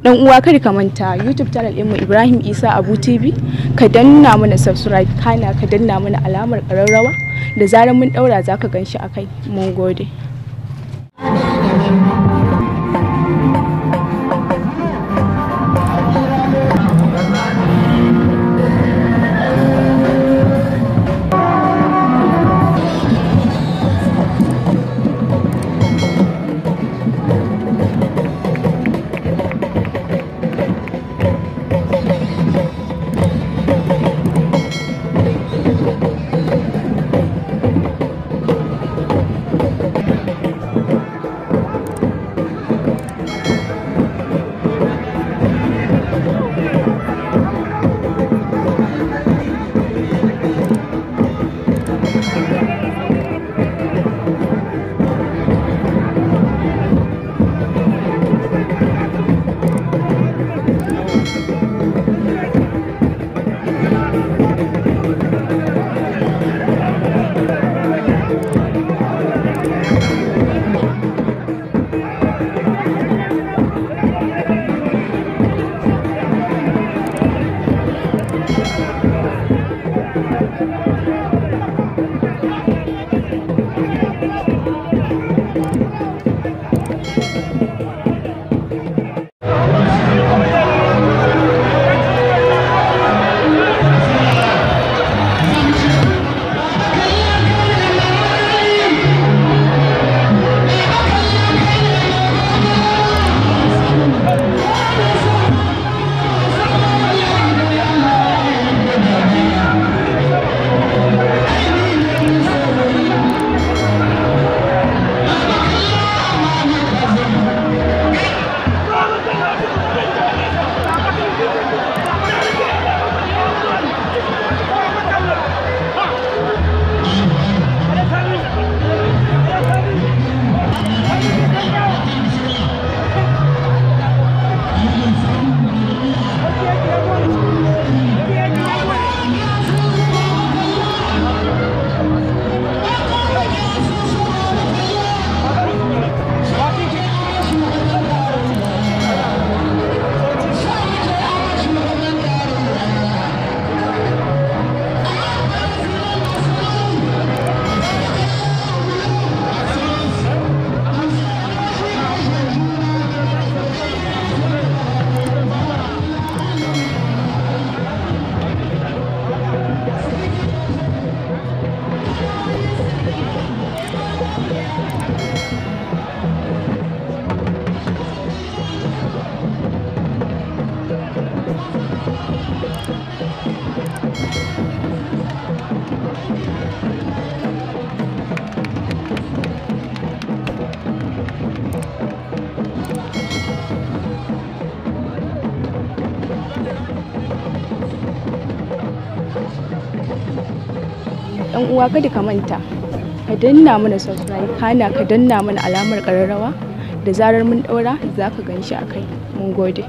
dan uwa kar ka manta youtube channel mu ibrahim isa abu tv ka danna mana subscribe kana ka danna mana alamar ƙararrawa da zarar mun ɗaura zaka ka gan shi a mun gode yan uwa kada ka manta ka danna mana subscribe kana ka danna mana alamar kararrawa da zarar mun daura za ka gan shi a kai mun gode